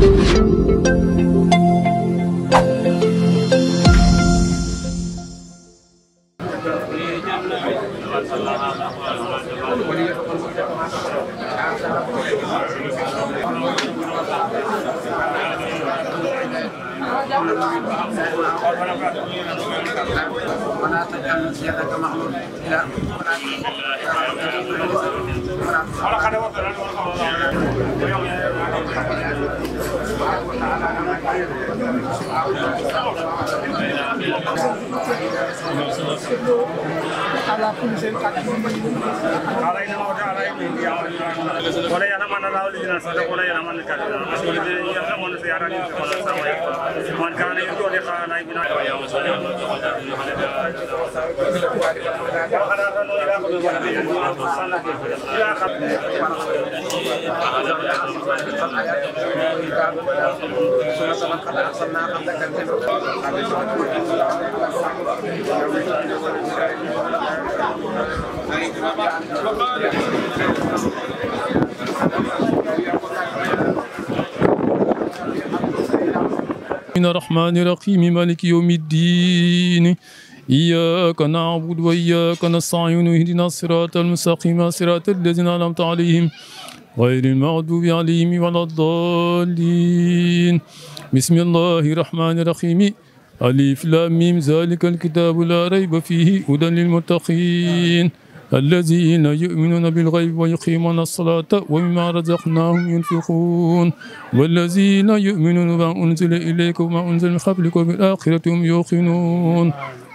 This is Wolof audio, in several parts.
嗯。الذين صدقوا لا ينام الكافرين يرغبون في عرانهم في ولا سواء من كان يرجو لقاء الله بنا ويوم القيامة وقال من الرحمن الرحيم مالك يوم الدين إياك نعبد وإياك نستعين اهدنا الصراط المستقيم صراط الذين أنعمت عليهم غير المغضوب عليهم ولا الضالين بسم الله الرحمن الرحيم ألف لام ميم ذلك الكتاب لا ريب فيه هدى للمتقين الذين يؤمنون بالغيب ويقيمون الصلاة ومما رزقناهم ينفقون والذين يؤمنون بما أنزل إليكم وما أنزل من قبلكم وبالآخرة هم يوقنون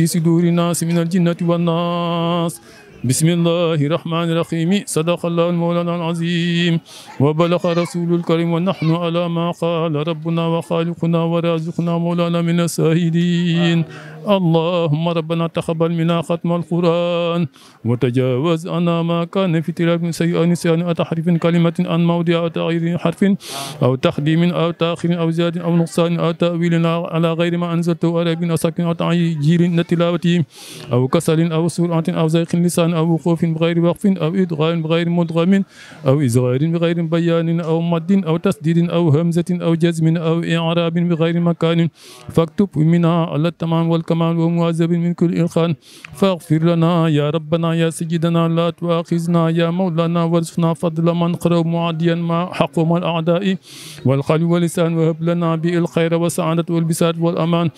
في صدور الناس من الجنة والناس بسم الله الرحمن الرحيم صدق الله مولانا العظيم وبلغ رسول الكريم ونحن على ما قال ربنا وخالقنا ورازقنا مولانا من الساهدين اللهم ربنا تقبل منا ختم القرآن وتجاوز أنا ما كان في تلاف سيئة سيء أو نسيان تحريف كلمة عن موضع أو تغيير حرف أو تخديم أو تأخير أو زياد أو نقصان أو تأويل على غير ما أنزلته أو ابن أو أو تعجيل تلاوته أو كسل أو سرعة أو زيق لسان أو خوف بغير وقف أو إدغام بغير مدغم أو إزغار بغير بيان أو مد أو تسديد أو همزة أو جزم أو إعراب بغير مكان فاكتب منها على التمام والكمال ومواذب من كل إلخان فاغفر لنا يا ربنا يا سيدنا لا تؤاخذنا يا مولانا وارزقنا فضل من قرب معاديا ما حكم الأعداء والقلب واللسان وهب لنا به الخير والسعادة والبساط والأمان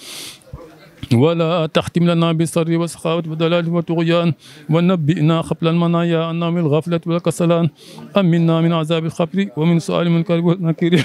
ولا تحتم لنا بالسر وسخاوة ودلال وطغيان ونبئنا قبل المنايا أن من الغفلة والكسلان أمنا من عذاب الخبر ومن سؤال المنكر والنكير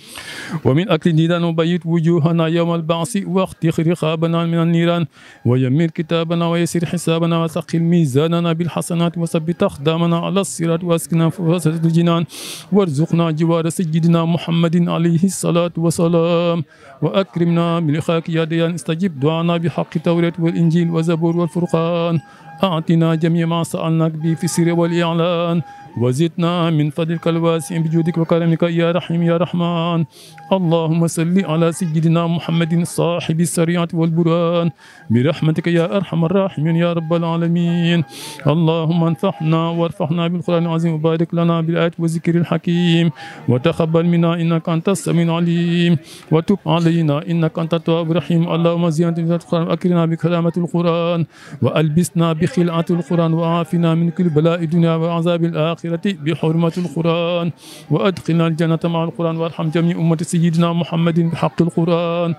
ومن أكل ديدان وبيت وجوهنا يوم البعث واختخر خابنا من النيران ويمير كتابنا ويسير حسابنا وثقل ميزاننا بالحسنات وثبت أقدامنا على الصراط واسكنا فرصة الجنان وارزقنا جوار سيدنا محمد عليه الصلاة والسلام وأكرمنا إخاك يا ديان استجب وعنا بحق التوراة والإنجيل والزبور والفرقان أعطنا جميع ما سألناك به في السر والإعلان وزدنا من فضلك الواسع بجودك وكرمك يا رحيم يا رحمن اللهم صل على سيدنا محمد صاحب السريعة والبرهان برحمتك يا أرحم الراحمين يا رب العالمين اللهم انفعنا وارفعنا بالقرآن العظيم وبارك لنا بالآيات والذكر الحكيم وتقبل منا إنك أنت السميع العليم وتب علينا إنك أنت التواب الرحيم اللهم في القرآن أكرنا بكرامة القرآن وألبسنا بخلعة القرآن وعافنا من كل بلاء الدنيا وعذاب الآخرة الآخرة بحرمة القرآن وأدخلنا الجنة مع القرآن وارحم جميع أمة سيدنا محمد بحق القرآن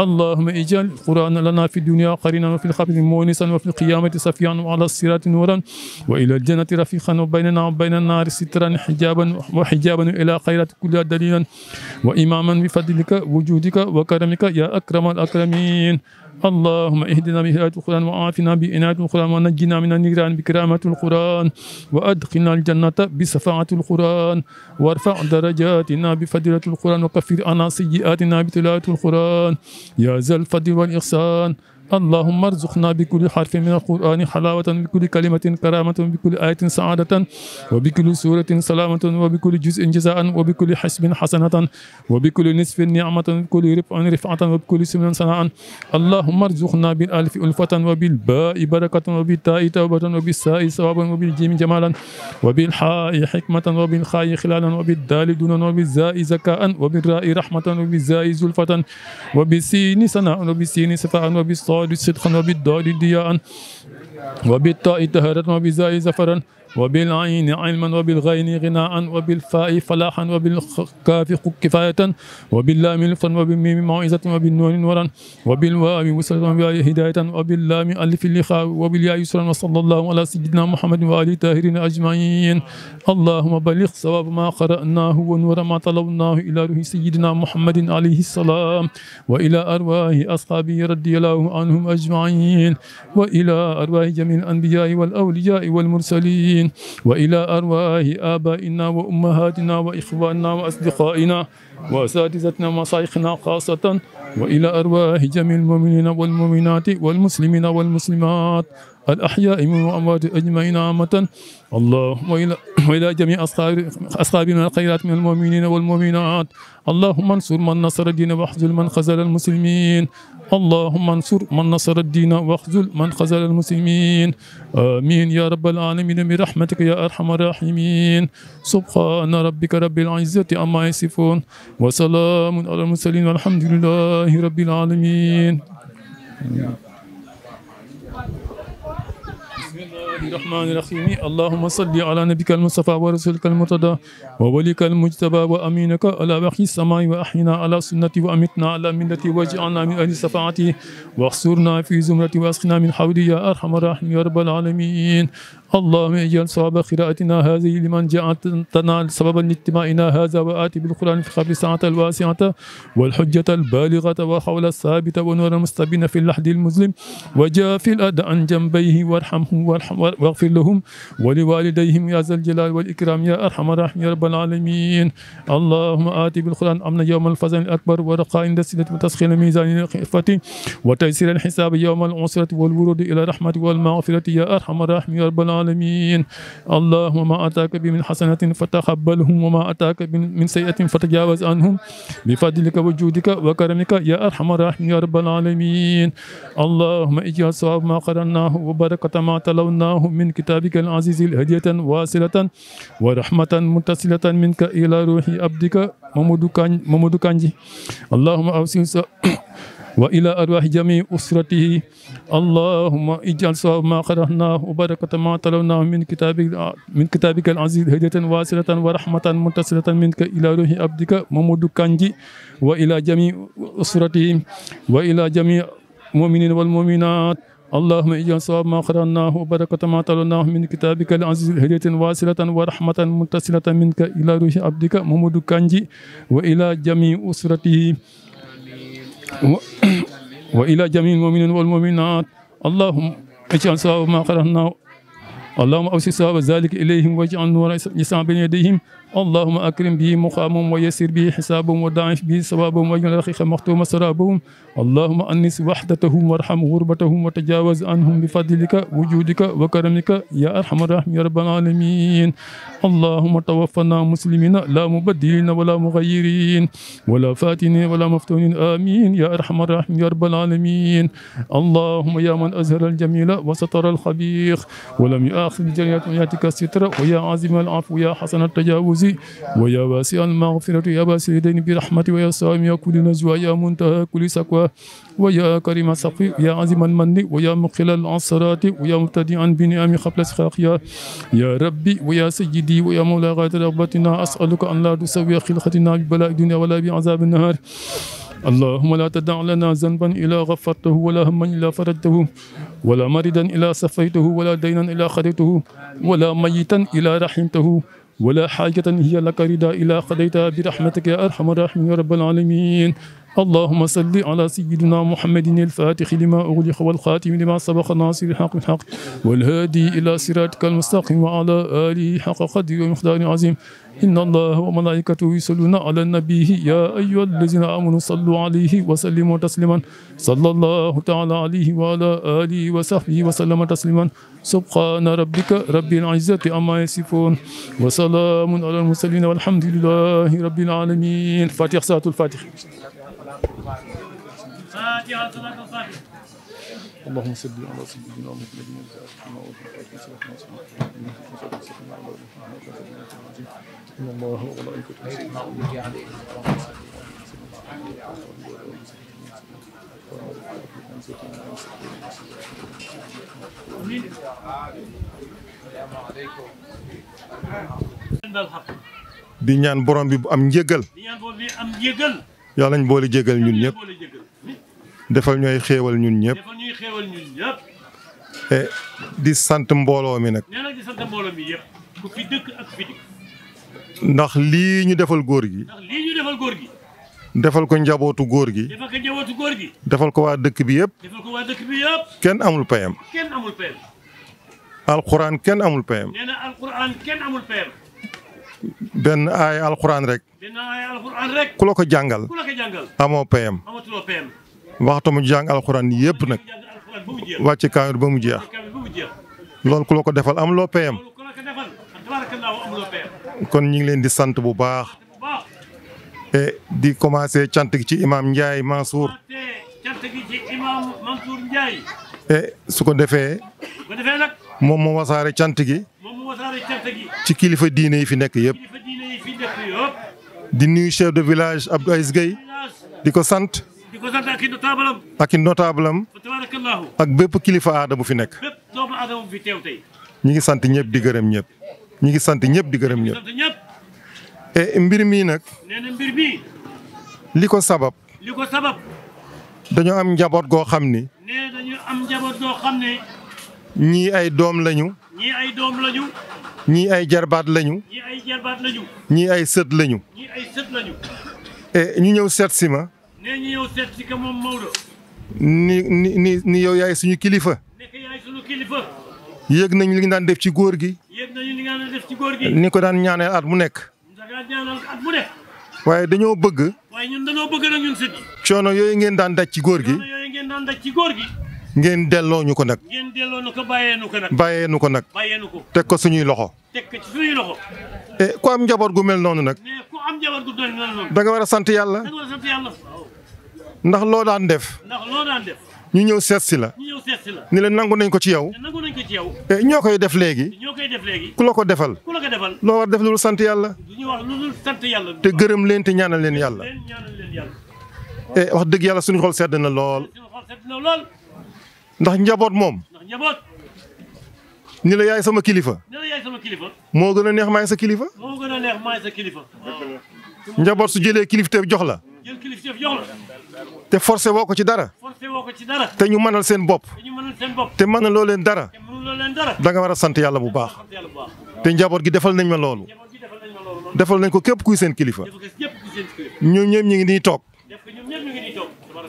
اللهم اجعل القرآن لنا في الدنيا قرينا وفي الخبر مونسا وفي القيامة صفيا وعلى الصراط نورا وإلى الجنة رفيقا وبيننا وبين النار سترا حجابا وحجابا إلى خيرات كلها دليلا وإماما بفضلك وجودك وكرمك يا أكرم الأكرمين اللهم اهدنا بهداية القرآن وعافنا بإناية القرآن ونجنا من النيران بكرامة القرآن وأدخلنا الجنة بصفاعة القرآن وارفع درجاتنا بفضيلة القرآن وكفر عنا سيئاتنا بتلاوة القرآن يا ذا الفضل والإحسان اللهم ارزقنا بكل حرف من القرآن حلاوة بكل كلمة كرامة بكل آية سعادة وبكل سورة سلامة وبكل جزء جزاء وبكل حسب حسنة وبكل نصف نعمة وبكل رفع رفعة وبكل سمن سناء اللهم ارزقنا بالألف ألفة وبالباء بركة وبالتاء توبة وبالساء ثوابا وبالجيم جمالا وبالحاء حكمة وبالخاء خلالا وبالدال دونا وبالزاء زكاء وبالراء رحمة وبالزاء زلفة وبالسين سناء وبالسين صفاء وبالصاد الضال صدقا وبالضال وبالطاء طهارة وبالزاء زفرا وبالعين علما وبالغين غناء وبالفاء فلاحا وبالكاف كفاية وباللام لفظا وبالميم موعظة وبالنون نورا وبالواو وسرا وبالياء هداية وباللام ألف اللخاء وبالياء يسرا وصلى الله على سيدنا محمد وآل الطاهرين أجمعين اللهم بلغ صواب ما قرأناه ونور ما طلبناه إلى روح سيدنا محمد عليه السلام وإلى أرواح أصحابه رضي الله عنهم أجمعين وإلى أرواح جميع الأنبياء والأولياء والمرسلين محمد وإلى أرواح آبائنا وأمهاتنا وإخواننا وأصدقائنا وأساتذتنا ومشايخنا خاصة وإلى أرواح جميع المؤمنين والمؤمنات والمسلمين والمسلمات الأحياء من الأموات أجمعين عامة اللهم إلى وإلى جميع أصحابنا الخيرات من المؤمنين والمؤمنات اللهم انصر من نصر الدين واخذل من خذل المسلمين اللهم انصر من نصر الدين واخذل من خذل المسلمين آمين يا رب العالمين برحمتك يا أرحم الراحمين سبحان ربك رب العزة عما يصفون وسلام على المرسلين والحمد لله رب العالمين Yeah. بسم الله الرحمن الرحيم اللهم صل على نبيك المصطفى ورسولك المرتضى ووليك المجتبى وامينك على وحي السماء واحينا على سنتي وامتنا على منتي واجعلنا من اهل شفاعتي واحصرنا في زمرتي واسقنا من حولي يا ارحم الراحمين يا رب العالمين اللهم اجعل صواب قراءتنا هذه لمن جعلتنا سببا لاجتماعنا هذا وآتي بالقرآن في خبر الساعة الواسعة والحجة البالغة وحول الثابتة ونور المستبين في اللحد المظلم وجافي الأدى عن جنبيه وارحمه وارحم واغفر لهم ولوالديهم يا ذا الجلال والإكرام يا أرحم الراحمين يا رب العالمين اللهم آتي بالقرآن أمن يوم الفزع الأكبر ورقاء دسنة وتسخير الميزان الخفة وتيسير الحساب يوم العسرة والورود إلى رحمة والمغفرة يا أرحم الراحمين يا رب العالمين العالمين اللهم ما أتاك بمن حسنة فتقبلهم وما أتاك من سيئة فتجاوز عنهم بفضلك وجودك وكرمك يا أرحم الراحمين يا رب العالمين اللهم اجعل صواب ما قرأناه وبركة ما تلوناه من كتابك العزيز هدية واصلة ورحمة متصلة منك إلى روح عبدك ممدو كانجي اللهم أوصي وإلى أرواح جميع أسرته اللهم اجعل صواب ما قرأناه وبركة ما طلبناه من كتابك من كتابك العزيز هدية واسرة ورحمة متصلة منك إلى روح عبدك محمود كانجي وإلى جميع أسرته وإلى جميع المؤمنين والمؤمنات اللهم اجعل صواب ما قرأناه وبركة ما طلبناه من كتابك العزيز هدية واسرة ورحمة متصلة منك إلى روح عبدك محمود كانجي وإلى جميع أسرته وإلى جميع المؤمنين والمؤمنات اللهم اجعل ثواب ما قرأناه اللهم أوسع صحاب ذلك إليهم واجعل نور لسان بين يديهم اللهم أكرم به مقامهم ويسر به حسابهم وضاعف به ثوابهم واجعل رقيق مختوم سرابهم اللهم أنس وحدتهم وارحم غربتهم وتجاوز عنهم بفضلك وجودك وكرمك يا أرحم الراحمين يا رب العالمين اللهم توفنا مسلمين لا مبدلين ولا مغيرين ولا فاتنين ولا مفتونين آمين يا أرحم الراحمين يا رب العالمين اللهم يا من أزهر الجميل وستر الخبيخ ولم يؤمن آخر الجنة يأتيك الستر ويا عظيم العفو ويا حسن التجاوز ويا واسع المغفرة يا باسل اليدين برحمة ويا سامي كل نزوى يا منتهى كل سكوى ويا كريم السقي ويا عظيم المن ويا مقل العصرات ويا مبتدئا بنعم قبل سخاقيا يا ربي ويا سيدي ويا مولاي غاية رغبتنا أسألك أن لا تسوي خلقتنا ببلاء الدنيا ولا بعذاب النهار اللهم لا تدع لنا ذنبا إلا غفرته ولا هما إلا فرجته ولا مريضا إلا صفيته ولا دينا إلا خديته ولا ميتا إلا رحمته ولا حاجة هي لك رضا إلا قضيتها برحمتك يا أرحم الراحمين يا رب العالمين اللهم صل على سيدنا محمد الفاتح لما أغلق والخاتم لما سبق ناصر الحق الحق والهادي إلى صراطك المستقيم وعلى آله حق قدر ومقدار عظيم إن الله وملائكته يصلون على النبي يا أيها الذين آمنوا صلوا عليه وسلموا تسليما صلى الله تعالى عليه وعلى آله وصحبه وسلم تسليما سبحان ربك رب العزة أما يصفون وسلام على المرسلين والحمد لله رب العالمين فاتح ساعة الفاتح اللهم على di ñaan borom bi am njëgal yàlla nañ boole jégal ñun ñëpp defal ñooy xéewal ñun ñëpp e, di sant mbooloo mi nag ndax lii ñu defal góor gi defal ko njabootu góor gi defal ko waa dëkk bi yépp kenn amul payam alxuraan kenn amul payam kenn amul payam benn aay alxuraan rek. ku la ko jàngal. ku amoo payam. waxtu mu jàng alxuraan yépp nag. wàcc kaamir ba mu jeex. loolu ku la ko defal amuloo payam. kon ñu ngi leen di sant bu baax. E di commencé cant gi ci imaam Ndiaye Mansour. cant e su ko defee. moom moo wasaare cant gi. ci kilifa diine yi fi nekk yépp di nuyu chef de village Abdou Aziz di ko sant. aki ko ak bépp kilifa aada bu fi nekk. ñi ngi sant ñëpp di gërëm ñëpp. ñi ngi sant ñëpp di gërëm ñëpp. e mbir mii nag. li ko sabab. li dañoo am njaboot goo xam ni. nee ay doom lañu. ñii ay doom lañu. ñii ay jarbaat lañu. ñii ay sët lañu. ñii eh, ñu ñëw seet si ma. nee ñu ñëw seet si ka moom Maodo. ni ni ni ni yow yaay suñu kilifa. yéeg nañu li nga daan def ci góor gi. yéeg ni ko daan ñaanal at mu nekk. waaye dañoo bëgg. waaye ñun ngeen daan daj coono yooyu ngeen daan daj ci góor gi. ngeen delloo ñu ko nag. ngeen ko nag. teg ko suñuy loxo. loxo. Eh, ku am njaboot gu mel noonu nag. danga war a sant yàlla. ndax loo daan def. ñu ñëw seet si la. ñu la. ni leen nangu nañ ko ci yow. nangu eh, ñoo koy def léegi. ku la ko defal. ku loo war def lu sant yàlla. du sant yàlla. te gërëm leen te ñaanal leen yàlla. Eh, wax dëgg yàlla suñu xol sedd na lool ndax njaboot moom. ni la yaay sama kilifa. moo gën a neex maay sa kilifa. njaboot su jëlee kilifteef jox la. jox la. te forcé woo ko ci dara. te ñu mënal seen bopp. te ñu mënal leen dara. danga war a sant yàlla bu baax. te njaboot gi defal nañ ma loolu. defal nañ ko képp kuy seen kilifa. ñoom ñëpp ñu ngi nii toog.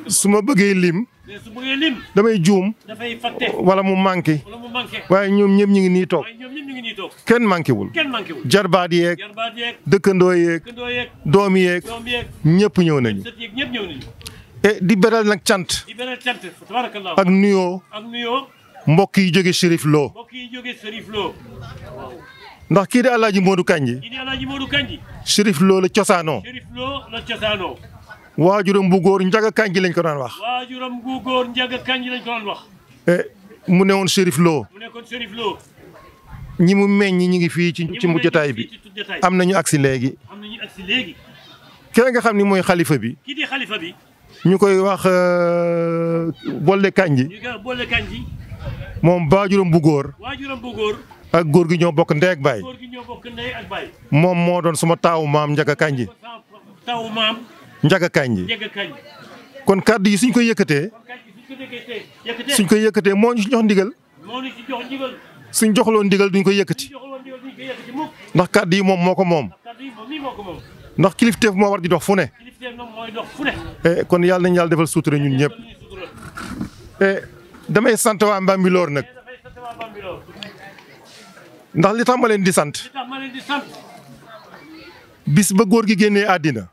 su ma bëggee lim. damay juum. walla mu manqué. waaye ñoom ñëpp ñu ngi nii toog. kenn manqué wul. jarbaat yeeg. dëkkandoo yeeg. doom yeeg. ñëpp ñëw nañu. et e di beral nag cant. ak nuyoo. mbokk yi jóge Chérif loo ndax kii di El Hadj Modou Kandji. Chérif Lo la cosaanoo. waajuram bu góor njaga kanji lañ ko daan wax. góor njaga kanji lañ ko daan wax. Eh, mu newoon Chérif Lo. mu nekkoon Chérif ñi mu meññ ñi ngi fii ci ci mujjataay bi. am nañu agsi léegi. agsi léegi. kii nga xam ni mooy xalifa bi. ñu koy wax euh, boole kanji. moom waajuram bu góor. ak góor gi ñoo bokk ndey ak baay. moom moo doon suma taawu maam njaga kanji. njaga kañ ji kon kàddu yi suñ koy yëkkatee suñ koy yëkkatee moo ñu suñ jox ndigal suñ joxloo ndigal duñ koy yëkkati ndax kàddu yi moom moo ko moom ndax kilifteef moo war di dox fu ne e, kon yàlla nañ yàlla defal suutura ñun ñëpp e, damay sant waa Mbambilor nag ndax li leen di sant bis ba góor gi génnee àddina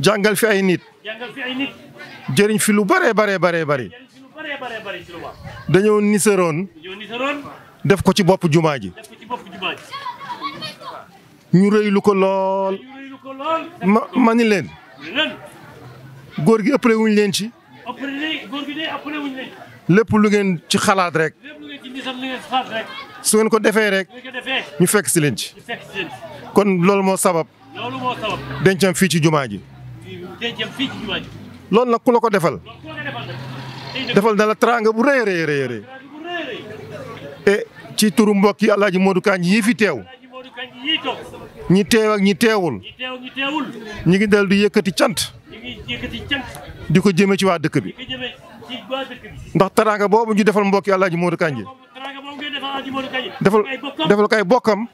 jàngal fi ay nit. jàngal fi jëriñ fi lu bëree bëree bëree bëri. dañoo niseroon. def ko ci bopp jumaa ji. ñu rëy ko lool. ma ni leen. góor gi ëppale wuñ leen ci. lépp lu ngeen ci xalaat rek. su ko defee rek. ñu fekk si leen ci. kon loolu moo sabab. dencam fii ci jumaa ji. day jëm fii loolu nag ku la ko defal defal na la bu rëy rëy rëy e ci turu mbokk yi Alaaji Modou Kandji yii fi teew ñi teew ak ñi teewul ñi ngi dal di yëkkati cant di ko jëme ci waa dëkk bi ndax teraanga boobu ñu defal mbokk yi Alaaji Modou Kandji defal defal kay bokkam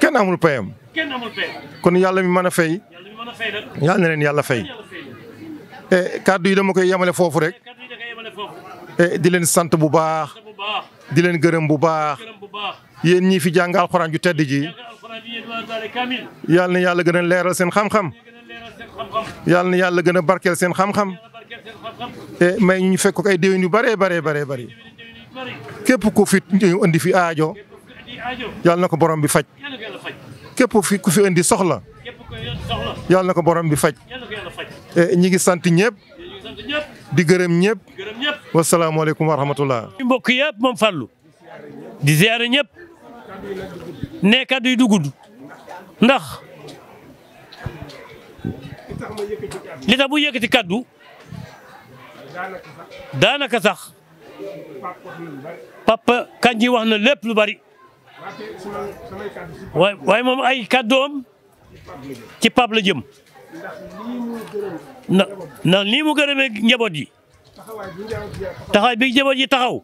kenn amul payam kon yàlla mi mën a fay yal na leen yàlla fay. Eh, kàddu yi dama koy yemale foofu rek. Eh, di leen sant bu baax. di leen gërëm bu baax. yéen ñii fi jàng alxuraan ju tedd ji. yal na yàlla gën a leeral seen xam-xam. yal na yàlla gën a barkeel seen xam-xam. Eh, may ñu fekk ko ay déwén yu bëree bëree bëree bëri. képp ku fi indi fi aajo. yal na ko borom bi faj. képp ku fi indi soxla. yàlla na ko bi faj. Eh, ñi sant ñëpp. di gërëm ñëpp. wasalaamualeykum wa rahmatullah. mbokk yëpp moom Fallou. di ziare ñëpp. ne kaddu yi dugud ndax li tax bu yëkkati kaddu daanaka sax papa Kandji wax na lépp lu bari waaye moom ay kaddoom ci pap la jëm na ndax nii mu njaboot yi taxawaay bi njaboot yi taxaw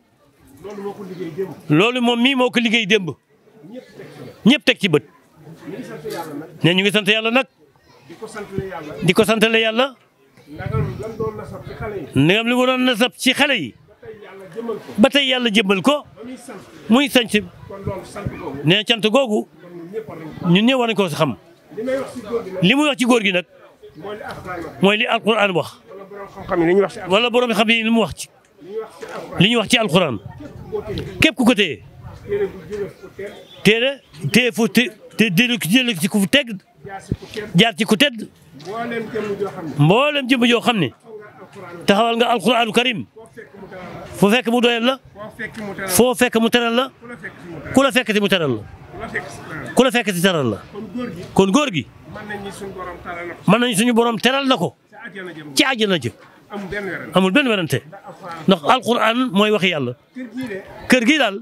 loolu moom mii moo ko liggéey démb ñëpp teg ci bët ne ñu ngi sant yàlla nag di ko santale yàlla ndegam li mu doon nasab ci xale yi ba tey yàlla jëmbal ko muy sant ne cant googu ñun ñëpp war nañ xam li muy wax ci góor gi nag mooy li alquran wax wala borom xam yi li mu wax ci li ñuy wax ci alquran képp ku ko téye téere téye fu te jël ci ku teg jaar ci ku tedd mboolem jëmm joo xam ne taxawal nga alquranu karim fu fekk mu doyal la foo fekk mu teral la ku la fekk mu teral la ku la fekk si teral la kon góor gi mën nañu suñu borom teral na ko ci àjjana jë amul benn werante ndax alquran mooy waxi yàlla kër gii daal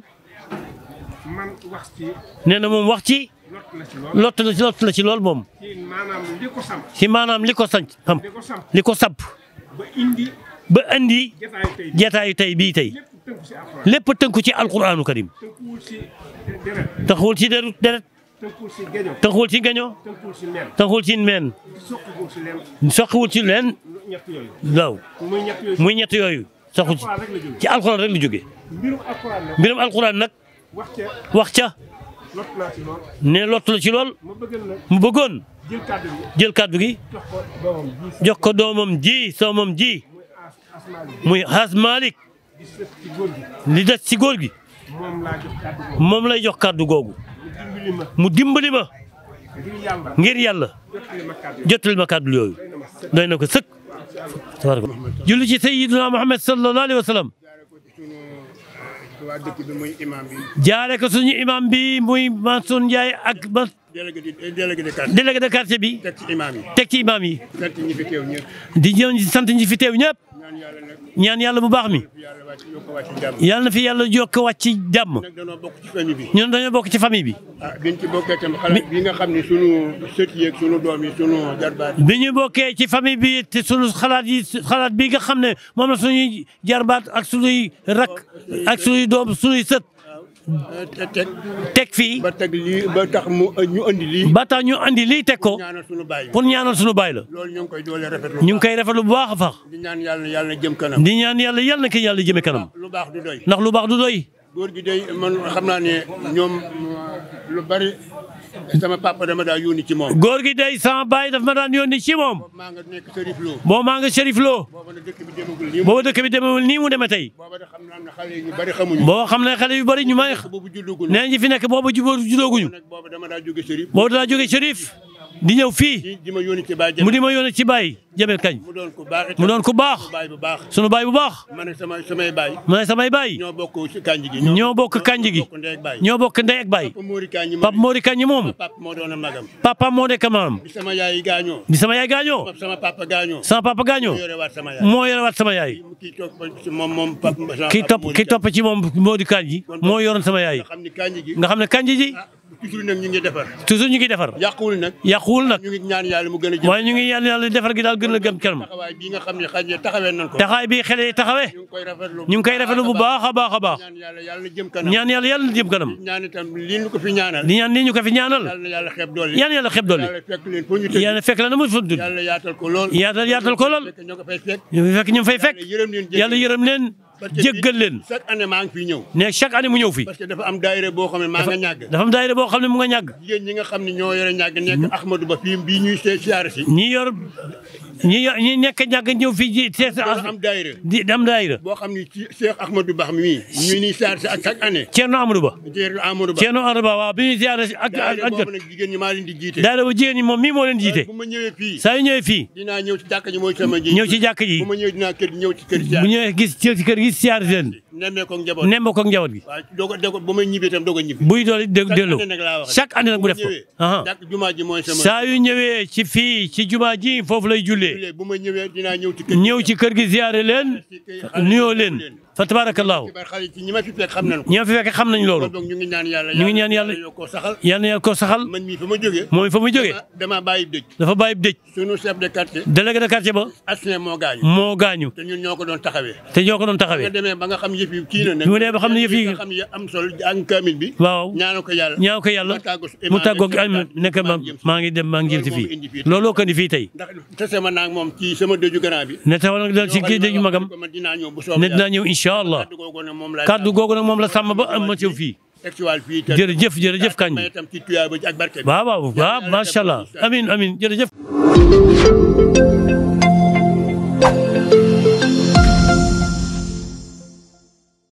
nee na moom wax ci lott na ci lott na ci lool moom ci maanaam li ko sanc xam li ko sàpp ba indi jataayu tey bii tey lépp tënku ci alquraanu karim taxawul ci deret deret taxawul ci gaño taxawul ci meen soqiwul ci leen waaw muy ñett yooyu saxu ci alquraan rek la jógee mbirum alquraan nag wax ca ne lott la ci lool mu bëggoon jël kàddu gi jox doomam ji soomam ji muy xaas Malick li des ci góor gi moom lay jox kàddu googu mu dimbali ma ngir yàlla jottali ma kàddu yooyu doy na ko sëkk julli ci sayyidina Muhammad sallallahu alayhi wa sallam jaare ko suñu imam bi muy ci imam yi di ñëw sant ñi fi teew ñëpp ñaan yàlla bu baax mi yàlla na fi yàlla jokk wàcc jàmm ñun dañoo bokk ci famille bi. ah biñ ci bokkee itam xale bi nga xam ne sunu sët yi ak sunu doom yi sunu jarbaat yi. bi bokkee ci famille bi te sunu xalaat yi xalaat bi nga xam ne moom la suñuy jarbaat ak sunuy rak ak sunuy doom sunuy sët. teg teg fii. ba teg lii ba tax mu ñu andi lii. ba tax ñu andi lii teg ko. pour ñaanal suñu baay la. loolu ñu ngi koy doole rafetlu. ñu ngi koy rafetlu bu baax a baax. di ñaan yàlla yàlla jëm kanam. di ñaan yàlla yàlla na ko yàlla jëme kanam. lu baax du doy. ndax lu baax du doy. góor gi day man xam naa ne ñoom lu bari. sama papa dama daa yónni ci moom. góor gi day sama baay daf ma daan yónni ci moom. boobu maa nga nekk Chérif Lo. boobu maa nga Chérif Lo. boobu dëkk bi demagul nii. boobu dëkk bi demagul nii mu demee tey. xam ne xale yu bari xamuñu. boo xam ne xale yu bari ñu may. nee ñu fi nekk boobu judooguñu. boobu dama daa jóge Chérif. boobu daa jóge di ñëw fii mu di ma yónni ci baay Jabel kañ mu doon ku baax sunu baay bu baax ma ne samay baay ñoo bokk kanj gi ñoo bokk ndey ak baay pap Mori kañ moom papa moo nekk maam bi sama yaay gaañoo sama papa gaañoo moo yorewaat sama yaay ki topp ki topp ci moom moo di kanj moo yoroon sama yaay nga xam ne kanj ji toujours nag ñu ngi defar. toujours ñu ngi defar. yàquwul nag. yàquwul nag ñu ngi ñaan yàlla mu gën a jëm. waaye ñu ngi ñaan yàlla defar gi daal gën a gëm kanam. taxawaay bi nga xam ne xaj na taxawee nañ ko. taxawaay bi xale yi taxawee. ñu ngi koy rafetlu ñu ngi koy rafetlu bu baax a baax a baax. ñaan yàlla yàlla jëm kanam. ñaan yàlla yàlla jëm kanam. ñaan itam lii ñu ko fi ñaanal. di ñaan lii ñu ko fi ñaanal. yàlla xeeb dolli. yàlla xeeb dolli. yàlla fekk leen mu fekk leen yàlla yaatal ko lool. yàlla yaatal ko lool. fekk ñu fay fekk. yàlla yërëm leen jéggal leen. chaque année maa fi ñëw. ne chaque année mu ñëw fi. parce que dafa am daayira boo xam ne maa nga ñàgg. dafa am daayira boo xam ne mu nga ñàgg. jigéen ñi nga xam ne ñoo yore ñàgg nekk mm. Ahmadou Ba fii bii ñuy siyaare si. ñi yor ñi ñi nekk ñàkk ñëw fii ji seet am daayira di am daayira boo xam ne Cheikh Ahmadou Bax mi ñu ni saar si ak chaque année Ceerno Amadou Ba Ceerno Amadou Ba Ceerno Amadou Ba waaw bi ñuy siyaare ak ak jot jigéen ñi maa leen di jiite daayira bu jigéen ñi moom mii moo leen jiite bu ma ñëwee fii saa yu ñëwee fii dinaa ñëw ci jàkk ji mooy sama ji ñëw ci jàkk ji bu ma ñëwee dinaa kër ñëw ci kër bu ñëwee gis ci kër gi siyaare leen nemmee ko njaboot nemmee ko njaboot gi doog doog bu may ñibbi tam doog a ñibbi buy dool delloo chaque année nag bu def ko saa yu ñëwee ci fii ci jumaa ji foofu lay jullee jullee bu ma ñëwee dinaa ñëw ci kër gi ñëw ci kër gi ziyaare leen nuyoo leen fa tabaarakallaahu ñi ma fi fekk xam nañ ko ñi ma fi fekk xam nañ loolu ñu ngi ñaan yàlla ñu ngi ñaan yàlla yàlla na ko saxal man mii fa ma jógee moom fa ma jógee dama bàyyi dëj dafa bàyyi dëj sunu chef de quartier délégué de quartier ba asne moo gaañu moo gaañu te ñun ñoo ko doon taxawee te ñoo ko doon taxawee demee ba nga xam yëf yi kii na mu demee ba xam ne yëf yi xam yi am sol ak kaamil bi waaw ñaanal ko yàlla ñaanal ko yàlla mu tàggoog nekk ma maa ngi dem maa ngi jëlti fii looloo ko ni fii tey tase ma naag moom ci sama dëju grand bi ne taxawal nag dal ci kii dëju magam ne dinaa ñëw الله كاد غوغون موم لا سام با ام تي في جرجف جرجف كاني بابا بابا ما شاء الله امين امين جرجف